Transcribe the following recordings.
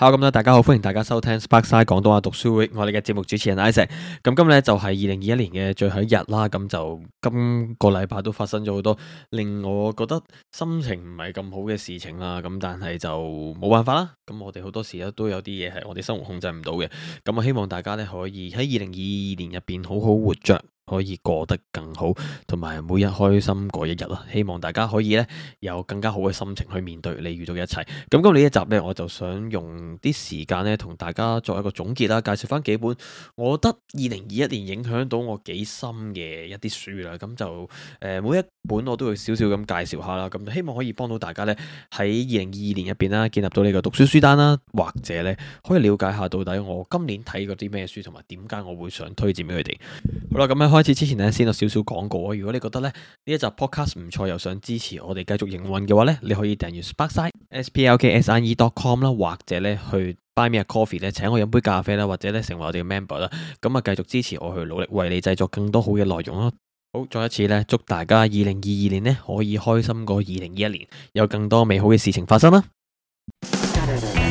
好咁咧，Hello, 大家好，歡迎大家收聽 Sparkside 廣東話讀書會，我哋嘅節目主持人 Ish。咁今日咧就係二零二一年嘅最後一日啦，咁就今個禮拜都發生咗好多令我覺得心情唔係咁好嘅事情啦，咁但係就冇辦法啦。咁我哋好多時咧都有啲嘢係我哋生活控制唔到嘅，咁我希望大家咧可以喺二零二二年入邊好好活着。可以過得更好，同埋每日開心過一日咯。希望大家可以咧有更加好嘅心情去面對你遇到嘅一切。咁今呢一集呢，我就想用啲時間呢，同大家作一個總結啦，介紹翻幾本我覺得二零二一年影響到我幾深嘅一啲書啦。咁就每一本我都會少少咁介紹下啦。咁希望可以幫到大家呢，喺二零二二年入邊啦，建立到呢個讀書書單啦，或者呢，可以了解下到底我今年睇過啲咩書，同埋點解我會想推薦俾佢哋。好啦，咁樣開始之前咧，先有少少廣告啊！如果你覺得咧呢一集 podcast 唔錯，又想支持我哋繼續營運嘅話咧，你可以訂閱 Sparksite, s p a r k s i t e s p l k s i e dot com 啦，或者咧去 Buy Me a Coffee 咧，請我飲杯咖啡啦，或者咧成為我哋嘅 member 啦，咁啊繼續支持我去努力為你製作更多好嘅內容咯。好，再一次咧，祝大家二零二二年咧可以開心過二零二一年，有更多美好嘅事情發生啦！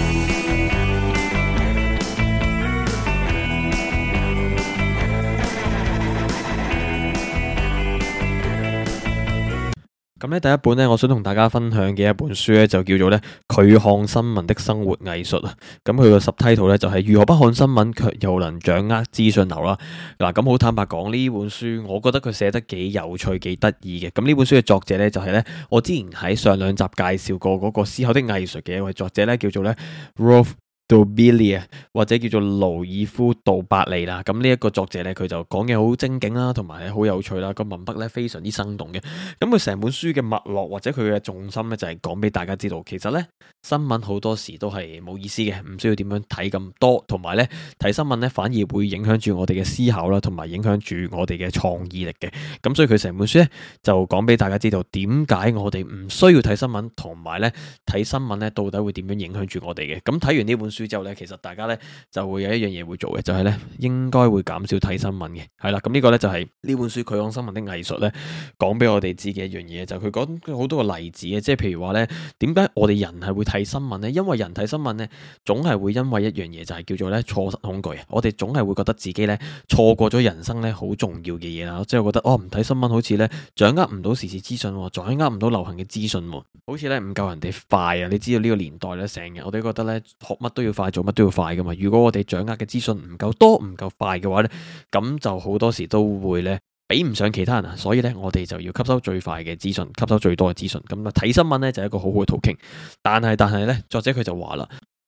咁咧，第一本咧，我想同大家分享嘅一本書咧，就叫做咧《拒看新聞的生活藝術》啊。咁佢個 subtitle 咧，就係如何不看新聞卻又能掌握資訊流啦。嗱，咁好坦白講，呢本書我覺得佢寫得幾有趣，幾得意嘅。咁呢本書嘅作者咧，就係咧我之前喺上兩集介紹過嗰個思考的藝術嘅一位作者咧，叫做咧 Rolf 杜比利啊，或者叫做盧爾夫杜伯利啦。咁呢一個作者呢，佢就講嘅好精警啦，同埋好有趣啦。個文筆呢，非常之生動嘅。咁佢成本書嘅脈絡或者佢嘅重心呢，就係講俾大家知道，其實呢新聞好多時都係冇意思嘅，唔需要點樣睇咁多，同埋呢睇新聞呢，反而會影響住我哋嘅思考啦，同埋影響住我哋嘅創意力嘅。咁所以佢成本書呢，就講俾大家知道，點解我哋唔需要睇新聞，同埋呢睇新聞呢，到底會點樣影響住我哋嘅。咁睇完呢本書。之後咧，其實大家咧就會有一樣嘢會做嘅，就係、是、咧應該會減少睇新聞嘅。係啦，咁、嗯這個、呢個咧就係、是、呢本書《佢浪新聞的藝術呢》咧講俾我哋知嘅一樣嘢，就佢、是、講好多個例子嘅，即係譬如話咧，點解我哋人係會睇新聞咧？因為人睇新聞咧，總係會因為一樣嘢，就係叫做咧錯失恐懼。我哋總係會覺得自己咧錯過咗人生咧好重要嘅嘢啦。即係我覺得哦，唔睇新聞好似咧掌握唔到時事資訊喎，掌握唔到流行嘅資訊喎，好似咧唔夠人哋快啊！你知道呢個年代咧，成日我哋覺得咧學乜都要。要快做乜都要快噶嘛！如果我哋掌握嘅資訊唔夠多，唔夠快嘅話呢，咁就好多時都會咧比唔上其他人啊！所以呢，我哋就要吸收最快嘅資訊，吸收最多嘅資訊。咁、嗯、啊，睇新聞呢，就係、一個好好嘅途徑。但係但係呢，作者佢就話啦，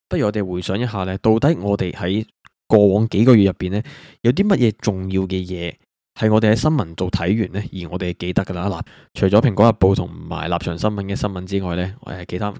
不如我哋回想一下呢，到底我哋喺過往幾個月入邊呢，有啲乜嘢重要嘅嘢係我哋喺新聞做睇完呢，而我哋記得噶啦。嗱，除咗蘋果日報同埋立場新聞嘅新聞之外呢，我哋係其他。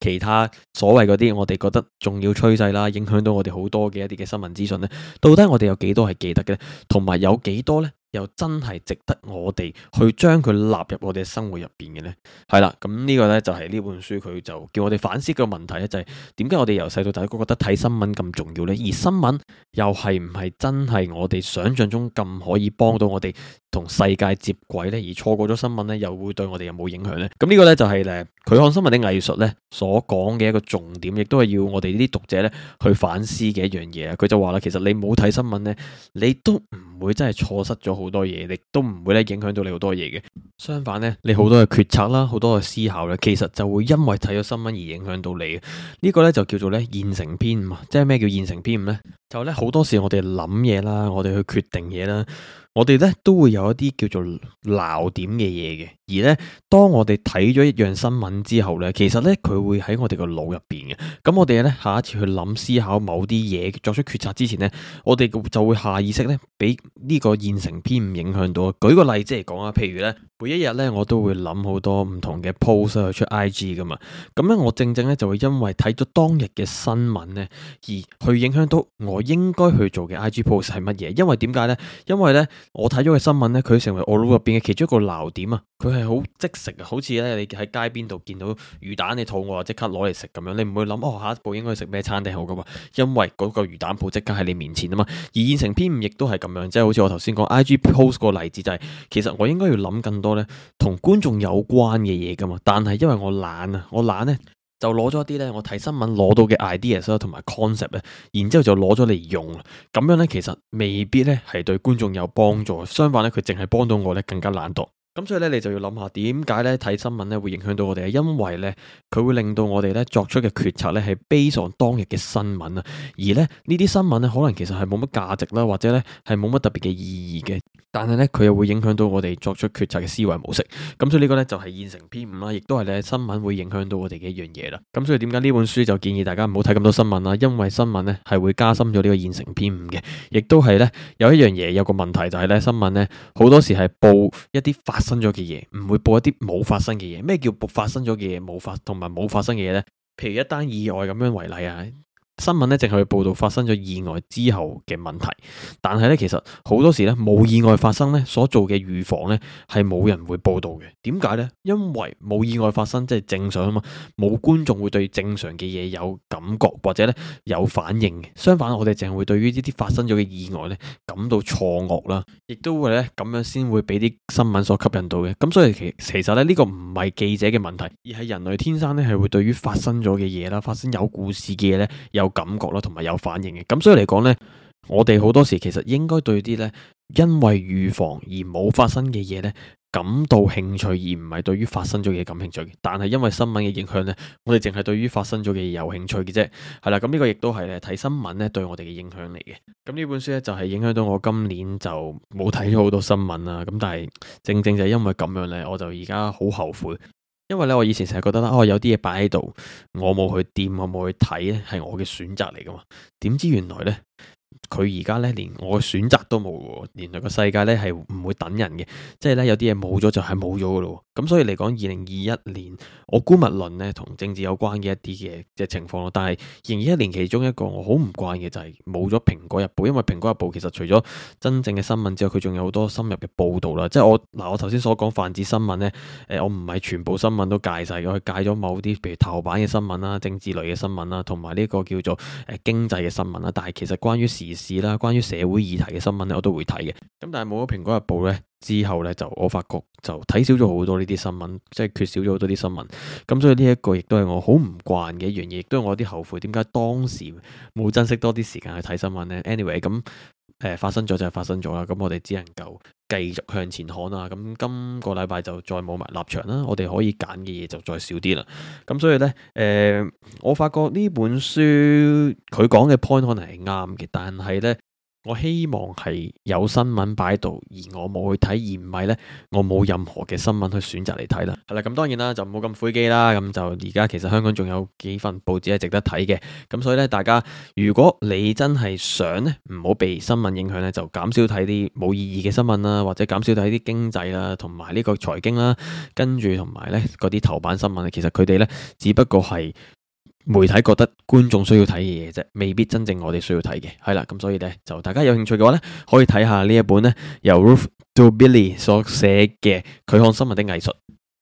其他所謂嗰啲，我哋覺得重要趨勢啦，影響到我哋好多嘅一啲嘅新聞資訊呢。到底我哋有幾多係記得嘅呢？同埋有幾多呢？又真係值得我哋去將佢納入我哋嘅生活入邊嘅呢？係啦，咁呢個呢，就係呢本書佢就叫我哋反思個問題呢，就係點解我哋由細到大都覺得睇新聞咁重要呢？而新聞又係唔係真係我哋想象中咁可以幫到我哋同世界接軌呢？而錯過咗新聞呢，又會對我哋有冇影響呢？咁呢個呢，就係佢看新聞的藝術咧，所講嘅一個重點，亦都係要我哋呢啲讀者咧去反思嘅一樣嘢。佢就話啦，其實你冇睇新聞咧，你都唔會真係錯失咗好多嘢，亦都唔會咧影響到你好多嘢嘅。相反咧，你好多嘅決策啦，好多嘅思考咧，其實就會因為睇咗新聞而影響到你。呢個咧就叫做咧現成篇咁啊。即係咩叫現成篇咁咧？就咧，好多時我哋諗嘢啦，我哋去決定嘢啦。我哋咧都會有一啲叫做鬧點嘅嘢嘅，而咧當我哋睇咗一樣新聞之後咧，其實咧佢會喺我哋個腦入邊嘅。咁我哋咧下一次去諗思考某啲嘢作出決策之前咧，我哋就會下意識咧俾呢個現成偏誤影響到。舉個例子嚟講啊，譬如咧每一日咧我都會諗好多唔同嘅 post 去出 IG 噶嘛。咁咧我正正咧就會因為睇咗當日嘅新聞咧，而去影響到我應該去做嘅 IG post 係乜嘢。因為點解咧？因為咧。我睇咗個新聞咧，佢成為我腦入邊嘅其中一個鬧點啊！佢係好即食啊，好似咧你喺街邊度見到魚蛋，你肚餓就即刻攞嚟食咁樣，你唔會諗哦下一步應該食咩餐廳好噶嘛？因為嗰個魚蛋鋪即刻喺你面前啊嘛。而現成篇五亦都係咁樣，即係好似我頭先講 IG post 個例子，就是，就係其實我應該要諗更多咧同觀眾有關嘅嘢噶嘛，但係因為我懶啊，我懶咧。就攞咗一啲咧，我睇新聞攞到嘅 ideas 咯，同埋 concept 咧，然之後就攞咗嚟用，咁樣咧其實未必咧係對觀眾有幫助，相反咧佢淨係幫到我咧更加懶惰。咁所以咧，你就要諗下點解咧睇新聞咧會影響到我哋？因為咧，佢會令到我哋咧作出嘅決策咧係悲 a s 當日嘅新聞啊。而咧呢啲新聞咧可能其實係冇乜價值啦，或者咧係冇乜特別嘅意義嘅。但係咧，佢又會影響到我哋作出決策嘅思維模式。咁所以個呢個咧就係、是、現成篇五、啊」啦，亦都係咧新聞會影響到我哋嘅一樣嘢啦。咁、啊、所以點解呢本書就建議大家唔好睇咁多新聞啦、啊？因為新聞咧係會加深咗呢個現成篇五」嘅，亦都係咧有一樣嘢有個問題就係咧新聞咧好多時係報一啲發。發生咗嘅嘢，唔會報一啲冇發生嘅嘢。咩叫發生咗嘅嘢冇發，同埋冇發生嘅嘢咧？譬如，一單意外咁樣為例啊。新聞咧，淨係會報道發生咗意外之後嘅問題，但係咧，其實好多時咧冇意外發生咧，所做嘅預防咧，係冇人會報道嘅。點解呢？因為冇意外發生即係正常啊嘛，冇觀眾會對正常嘅嘢有感覺或者咧有反應嘅。相反，我哋淨係會對於呢啲發生咗嘅意外咧感到錯愕啦，亦都會咧，咁樣先會俾啲新聞所吸引到嘅。咁所以其其實咧，呢個唔係記者嘅問題，而係人類天生咧係會對於發生咗嘅嘢啦，發生有故事嘅嘢咧有有感覺咯，同埋有反應嘅。咁所以嚟講呢，我哋好多時其實應該對啲呢，因為預防而冇發生嘅嘢呢，感到興趣，而唔係對於發生咗嘅嘢感興趣。但係因為新聞嘅影響呢，我哋淨係對於發生咗嘅嘢有興趣嘅啫。係啦，咁呢個亦都係咧睇新聞呢對我哋嘅影響嚟嘅。咁呢本書呢，就係影響到我今年就冇睇咗好多新聞啦。咁但係正正就係因為咁樣呢，我就而家好後悔。因為咧，我以前成日覺得啦，哦，有啲嘢擺喺度，我冇去掂，我冇去睇咧，係我嘅選擇嚟噶嘛，點知原來咧。佢而家咧，連我選擇都冇喎，連個世界咧係唔會等人嘅，即係咧，有啲嘢冇咗就係冇咗噶咯。咁所以嚟講，二零二一年我姑勿論咧同政治有關嘅一啲嘅嘅情況咯。但係二零二一年其中一個我好唔慣嘅就係冇咗《蘋果日報》，因為《蘋果日報》其實除咗真正嘅新聞之外，佢仲有好多深入嘅報導啦。即係我嗱，我頭先所講泛指新聞咧，誒，我唔係全部新聞都戒晒嘅，佢係戒咗某啲，譬如頭版嘅新聞啦、政治類嘅新聞啦，同埋呢個叫做誒經濟嘅新聞啦。但係其實關於時事啦，關於社會議題嘅新聞咧，我都會睇嘅。咁但係冇咗《蘋果日報》咧之後咧，就我發覺就睇少咗好多呢啲新聞，即係缺少咗好多啲新聞。咁所以呢一個亦都係我好唔慣嘅一樣嘢，亦都係我啲後悔，點解當時冇珍惜多啲時間去睇新聞咧？Anyway，咁。誒，發生咗就係發生咗啦，咁我哋只能夠繼續向前看啦。咁今個禮拜就再冇埋立場啦，我哋可以揀嘅嘢就再少啲啦。咁所以呢，誒、呃、我發覺呢本書佢講嘅 point 可能係啱嘅，但係呢。我希望係有新聞擺度，而我冇去睇，而唔係呢。我冇任何嘅新聞去選擇嚟睇啦。係啦，咁當然啦，就唔好咁灰機啦。咁就而家其實香港仲有幾份報紙係值得睇嘅。咁所以呢，大家如果你真係想呢，唔好被新聞影響呢，就減少睇啲冇意義嘅新聞啦，或者減少睇啲經濟啦，同埋呢個財經啦，跟住同埋呢嗰啲頭版新聞。其實佢哋呢，只不過係媒體覺得。觀眾需要睇嘅嘢啫，未必真正我哋需要睇嘅。係啦，咁所以呢，就大家有興趣嘅話呢，可以睇下呢一本呢，由 Rolf Dobelli 所寫嘅《拒看新聞的藝術》。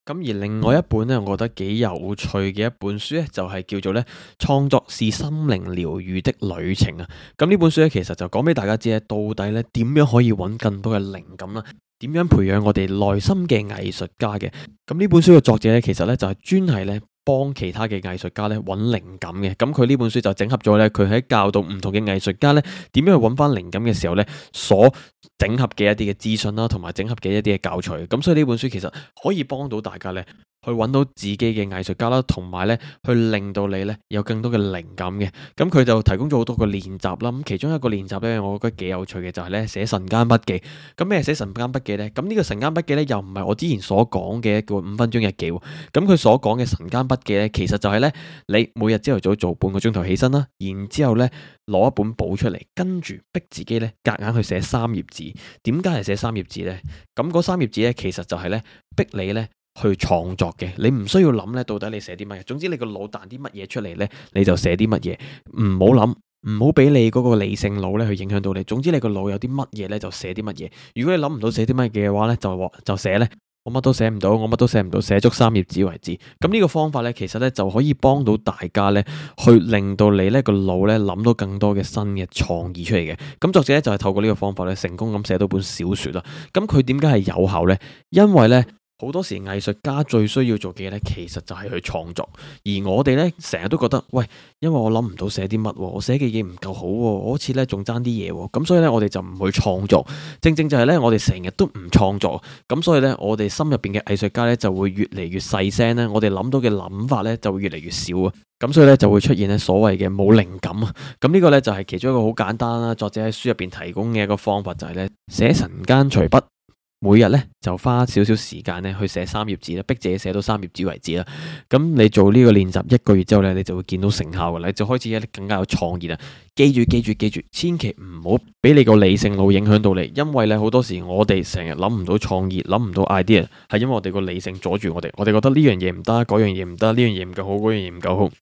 咁而另外一本呢，我覺得幾有趣嘅一本書呢，就係、是、叫做呢《創作是心靈療愈的旅程》啊。咁呢本書呢，其實就講俾大家知咧，到底呢點樣可以揾更多嘅靈感啦，點樣培養我哋內心嘅藝術家嘅。咁呢本書嘅作者呢，其實呢，就係、是、專係呢。幫其他嘅藝術家咧揾靈感嘅，咁佢呢本書就整合咗咧，佢喺教導唔同嘅藝術家咧點樣去揾翻靈感嘅時候咧，所整合嘅一啲嘅資訊啦，同埋整合嘅一啲嘅教材，咁所以呢本書其實可以幫到大家咧。去揾到自己嘅藝術家啦，同埋呢去令到你呢有更多嘅靈感嘅。咁佢就提供咗好多個練習啦。咁其中一個練習呢，我覺得幾有趣嘅就係呢：寫晨間筆記。咁咩寫晨間筆記呢？咁呢個晨間筆記呢，又唔係我之前所講嘅叫五分鐘日記。咁佢所講嘅晨間筆記呢，其實就係呢：你每日朝頭早做半個鐘頭起身啦，然之後呢攞一本簿出嚟，跟住逼自己呢夾硬去寫三頁紙。點解係寫三頁紙呢？咁嗰三頁紙呢，其實就係呢：逼你呢。去創作嘅，你唔需要諗咧，到底你寫啲乜嘢？總之你個腦彈啲乜嘢出嚟呢，你就寫啲乜嘢。唔好諗，唔好俾你嗰個理性腦咧去影響到你。總之你個腦有啲乜嘢呢，就寫啲乜嘢。如果你諗唔到寫啲乜嘢嘅話呢，就就寫咧。我乜都寫唔到，我乜都寫唔到，寫足三頁紙爲止。咁呢個方法呢，其實呢就可以幫到大家呢，去令到你呢個腦呢諗到更多嘅新嘅創意出嚟嘅。咁作者就係透過呢個方法呢，成功咁寫到本小說啦。咁佢點解係有效呢？因爲呢。好多時藝術家最需要做嘅嘢咧，其實就係去創作。而我哋咧，成日都覺得喂，因為我諗唔到寫啲乜，我寫嘅嘢唔夠好，我好似咧仲爭啲嘢，咁所以咧我哋就唔去創作。正正就係咧，我哋成日都唔創作，咁所以咧，我哋心入邊嘅藝術家咧就會越嚟越細聲咧，我哋諗到嘅諗法咧就會越嚟越少啊。咁所以咧就會出現咧所謂嘅冇靈感啊。咁呢個咧就係其中一個好簡單啦，作者喺書入邊提供嘅一個方法就係咧寫晨間隨筆。每日咧就花少少時間咧去寫三頁紙咧，逼自己寫到三頁紙為止啦。咁你做呢個練習一個月之後咧，你就會見到成效噶。你就開始咧更加有創意啊！記住記住記住，千祈唔好俾你個理性腦影響到你，因為咧好多時我哋成日諗唔到創意，諗唔到 idea，係因為我哋個理性阻住我哋，我哋覺得呢樣嘢唔得，嗰樣嘢唔得，呢樣嘢唔夠好，嗰樣嘢唔夠好。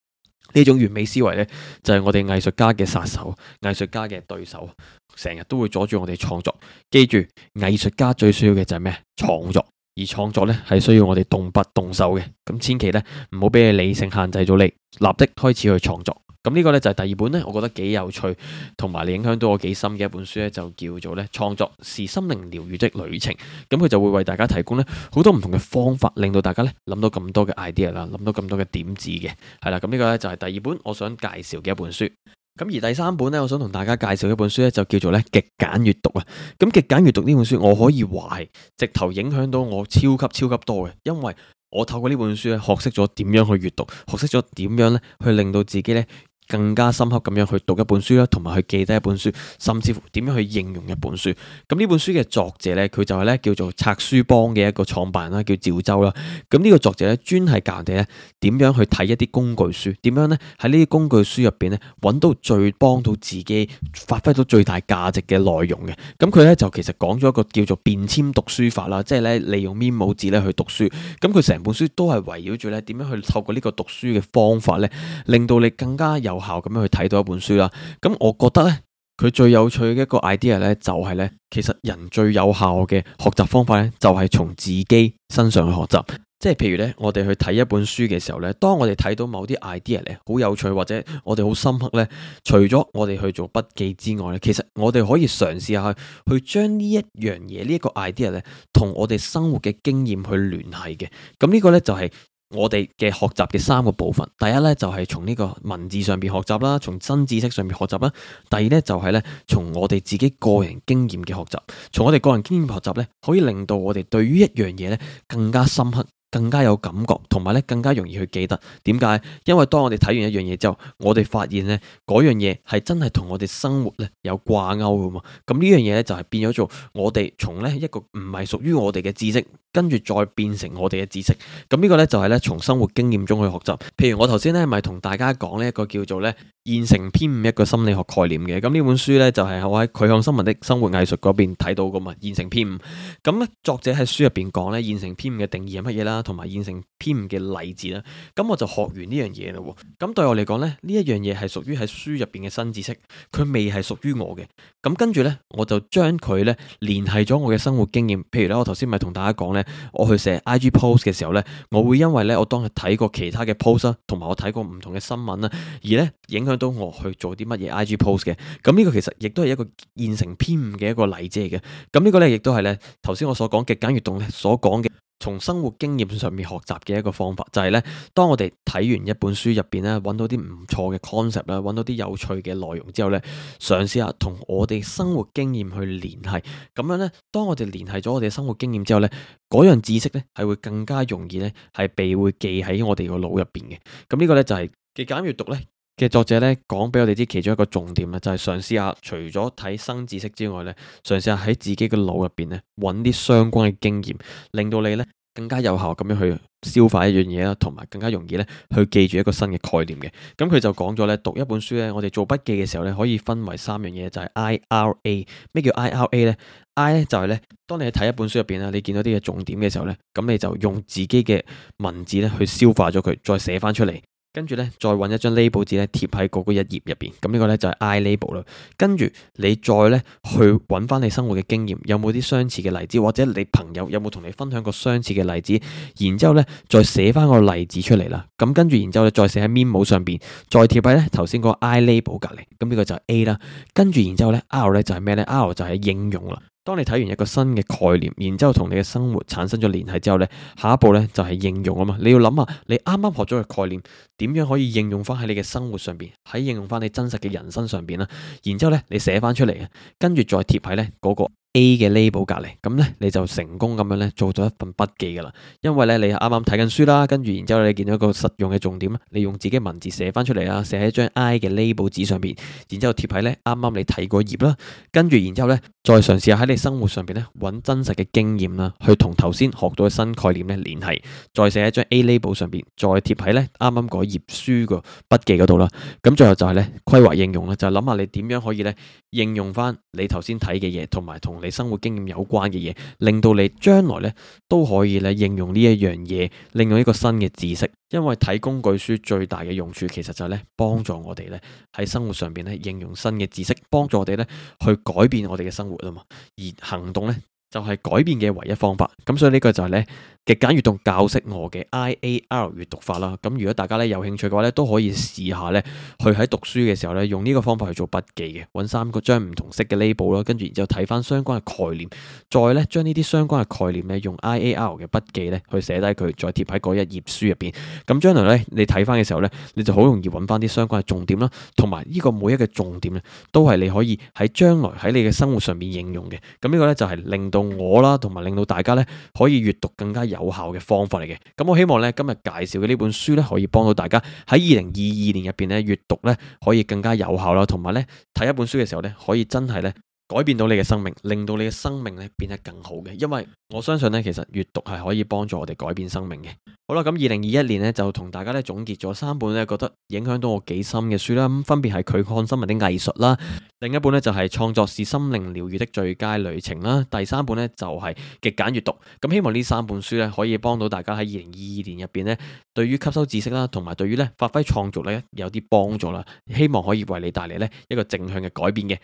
呢種完美思維呢，就係我哋藝術家嘅殺手，藝術家嘅對手，成日都會阻住我哋創作。記住，藝術家最需要嘅就係咩？創作，而創作呢，係需要我哋動筆動手嘅。咁千祈咧唔好俾你理性限制咗你，立即開始去創作。咁呢個呢，就係第二本呢。我覺得幾有趣，同埋你影響到我幾深嘅一本書呢，就叫做呢創作是心靈療癒的旅程。咁佢就會為大家提供呢好多唔同嘅方法，令到大家呢諗到咁多嘅 idea 啦，諗到咁多嘅點子嘅。係啦，咁呢個呢，就係第二本我想介紹嘅一本書。咁而第三本呢，我想同大家介紹一本書呢，就叫做呢極簡閱讀啊。咁極簡閱讀呢本書，我可以話係直頭影響到我超級超級多嘅，因為我透過呢本書呢學識咗點樣去閱讀，學識咗點樣呢去令到自己呢。更加深刻咁樣去讀一本書啦，同埋去記得一本書，甚至乎點樣去應用一本書。咁呢本書嘅作者咧，佢就係咧叫做拆書幫嘅一個創辦人啦，叫趙周啦。咁呢個作者咧，專係教人哋咧點樣去睇一啲工具書，點樣咧喺呢啲工具書入邊咧揾到最幫到自己、發揮到最大價值嘅內容嘅。咁佢咧就其實講咗一個叫做便簽讀書法啦，即係咧利用 memo 字咧去讀書。咁佢成本書都係圍繞住咧點樣去透過呢個讀書嘅方法咧，令到你更加有。有效咁樣去睇到一本書啦，咁我覺得咧，佢最有趣嘅一個 idea 呢，就係呢。其實人最有效嘅學習方法呢，就係從自己身上去學習。即係譬如呢，我哋去睇一本書嘅時候呢，當我哋睇到某啲 idea 呢，好有趣或者我哋好深刻呢，除咗我哋去做筆記之外呢，其實我哋可以嘗試下去將呢一樣嘢呢一個 idea 呢，同我哋生活嘅經驗去聯繫嘅。咁呢個呢，就係。我哋嘅學習嘅三個部分，第一咧就係從呢個文字上面學習啦，從真知識上面學習啦；第二咧就係咧從我哋自己個人經驗嘅學習，從我哋個人經驗學習咧，可以令到我哋對於一樣嘢咧更加深刻。更加有感覺，同埋咧更加容易去記得。點解？因為當我哋睇完一樣嘢之後，我哋發現呢嗰樣嘢係真係同我哋生活咧有掛鈎噶嘛。咁呢樣嘢咧就係變咗做我哋從呢一個唔係屬於我哋嘅知識，跟住再變成我哋嘅知識。咁、這、呢個呢，就係咧從生活經驗中去學習。譬如我頭先咧咪同大家講呢一個叫做呢「現成偏誤」一個心理學概念嘅。咁呢本書呢，就係我喺《拒看新聞的生活藝術》嗰邊睇到噶嘛。現成偏誤。咁咧作者喺書入邊講呢、「現成偏誤」嘅定義係乜嘢啦？同埋現成偏誤嘅例子啦，咁我就學完呢樣嘢啦。咁對我嚟講呢，呢一樣嘢係屬於喺書入邊嘅新知識，佢未係屬於我嘅。咁跟住呢，我就將佢呢聯繫咗我嘅生活經驗。譬如咧，我頭先咪同大家講呢，我去寫 IG post 嘅時候呢，我會因為呢，我當日睇過其他嘅 post 啦，同埋我睇過唔同嘅新聞啦，而呢影響到我去做啲乜嘢 IG post 嘅。咁呢個其實亦都係一個現成偏誤嘅一個例子嚟嘅。咁呢個呢，亦都係呢頭先我所講極簡閱讀所講嘅。從生活經驗上面學習嘅一個方法就係咧，當我哋睇完一本書入邊咧，揾到啲唔錯嘅 concept 啦，揾到啲有趣嘅內容之後咧，嘗試下同我哋生活經驗去聯繫，咁樣咧，當我哋聯繫咗我哋生活經驗之後咧，嗰樣知識咧係會更加容易咧係被會記喺我哋個腦入邊嘅。咁呢個咧就係極簡閱讀咧，嘅作者咧，講俾我哋知其中一個重點咧，就係嘗試下除咗睇生知識之外咧，嘗試下喺自己嘅腦入邊咧，揾啲相關嘅經驗，令到你咧更加有效咁樣去消化一樣嘢啦，同埋更加容易咧去記住一個新嘅概念嘅。咁佢就講咗咧，讀一本書咧，我哋做筆記嘅時候咧，可以分為三樣嘢，就係 I R A。咩叫 I R A 咧？I 咧就係咧，當你喺睇一本書入邊咧，你見到啲嘅重點嘅時候咧，咁你就用自己嘅文字咧去消化咗佢，再寫翻出嚟。跟住咧，再揾一張 label 紙咧，貼喺嗰個一頁入邊。咁、這個、呢個咧就係、是、I label 啦。跟住你再咧去揾翻你生活嘅經驗，有冇啲相似嘅例子，或者你朋友有冇同你分享過相似嘅例子？然之後咧，再寫翻個例子出嚟啦。咁跟住，然之後咧再寫喺 memo 上邊，再貼喺咧頭先嗰個 I label 隔籬。咁、這、呢個就係 A 啦。跟住，然之後咧 R 咧就係咩咧？R 就係應用啦。當你睇完一個新嘅概念，然之後同你嘅生活產生咗聯繫之後咧，下一步呢就係應用啊嘛。你要諗下，你啱啱學咗嘅概念點樣可以應用翻喺你嘅生活上面，喺應用翻你真實嘅人生上面。然之後咧，你寫翻出嚟，跟住再貼喺咧嗰個 A 嘅 label 隔籬，咁呢，你就成功咁樣呢，做咗一份筆記噶啦，因為呢，你啱啱睇緊書啦，跟住然之後你見咗個實用嘅重點，你用自己文字寫翻出嚟啦，寫喺張 I 嘅 label 紙上邊，然之後貼喺呢啱啱你睇嗰頁啦，跟住然之後呢再嘗試喺你生活上邊呢，揾真實嘅經驗啦，去同頭先學到嘅新概念呢聯繫，再寫喺張 A label 上邊，再貼喺呢啱啱嗰頁書嘅筆記嗰度啦，咁最後就係呢，規劃應用啦，就係諗下你點樣可以呢，應用翻你頭先睇嘅嘢，同埋同。同你生活經驗有關嘅嘢，令到你將來咧都可以咧應用呢一樣嘢，應用一個新嘅知識。因為睇工具書最大嘅用處，其實就係咧幫助我哋咧喺生活上邊咧應用新嘅知識，幫助我哋咧去改變我哋嘅生活啊嘛。而行動咧就係、是、改變嘅唯一方法。咁所以呢個就係咧。極簡閲讀教識我嘅 I A L 閲讀法啦，咁如果大家咧有興趣嘅話咧，都可以試下咧，去喺讀書嘅時候咧，用呢個方法去做筆記嘅，揾三個張唔同色嘅 label 咯，跟住然之後睇翻相關嘅概念，再咧將呢啲相關嘅概念咧，用 I A L 嘅筆記咧去寫低佢，再貼喺嗰一頁書入邊。咁將來咧，你睇翻嘅時候咧，你就好容易揾翻啲相關嘅重點啦，同埋呢個每一個重點咧，都係你可以喺將來喺你嘅生活上面應用嘅。咁呢個咧就係令到我啦，同埋令到大家咧可以閲讀更加入，有效嘅方法嚟嘅，咁我希望咧今日介紹嘅呢本書咧，可以幫到大家喺二零二二年入邊咧閱讀咧，可以更加有效啦，同埋咧睇一本書嘅時候咧，可以真係咧。改變到你嘅生命，令到你嘅生命咧變得更好嘅，因為我相信咧，其實閱讀係可以幫助我哋改變生命嘅。好啦，咁二零二一年咧就同大家咧總結咗三本咧覺得影響到我幾深嘅書啦，咁分別係《佢看新聞的藝術》啦，另一本咧就係、是《創作是心靈療愈的最佳旅程》啦，第三本咧就係《極簡閱讀》。咁希望呢三本書咧可以幫到大家喺二零二二年入邊咧，對於吸收知識啦，同埋對於咧發揮創造力咧有啲幫助啦，希望可以為你帶嚟咧一個正向嘅改變嘅。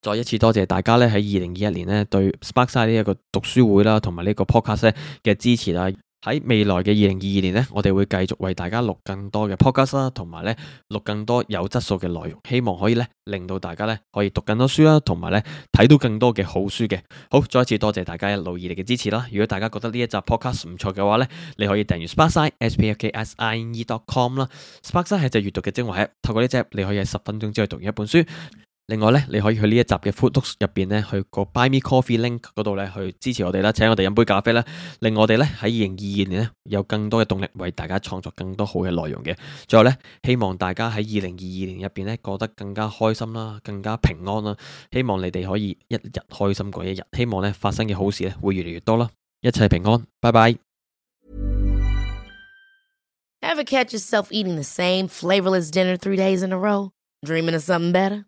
再一次多謝大家咧喺二零二一年咧對 Sparkside 呢一個讀書會啦，同埋呢個 Podcast 嘅支持啊！喺未來嘅二零二二年咧，我哋會繼續為大家錄更多嘅 Podcast 啦，同埋咧錄更多有質素嘅內容，希望可以咧令到大家咧可以讀更多書啦，同埋咧睇到更多嘅好書嘅。好，再一次多謝大家一路以嚟嘅支持啦！如果大家覺得呢一集 Podcast 唔錯嘅話咧，你可以訂閱 Sparkside sparksine.com 啦。E. Sparkside 係隻閱讀嘅精華，透過呢隻你可以喺十分鐘之內讀完一本書。另外咧，你可以去呢一集嘅 Footnotes 入邊咧，去個 Buy Me Coffee Link 嗰度咧，去支持我哋啦，請我哋飲杯咖啡啦，令我哋咧喺二零二二年咧有更多嘅動力為大家創作更多好嘅內容嘅。最後呢，希望大家喺二零二二年入邊咧過得更加開心啦，更加平安啦。希望你哋可以一日開心過一日，希望呢發生嘅好事咧會越嚟越多啦，一切平安，拜拜。Ever catch yourself eating the same flavorless dinner three days in a row? Dreaming of something better?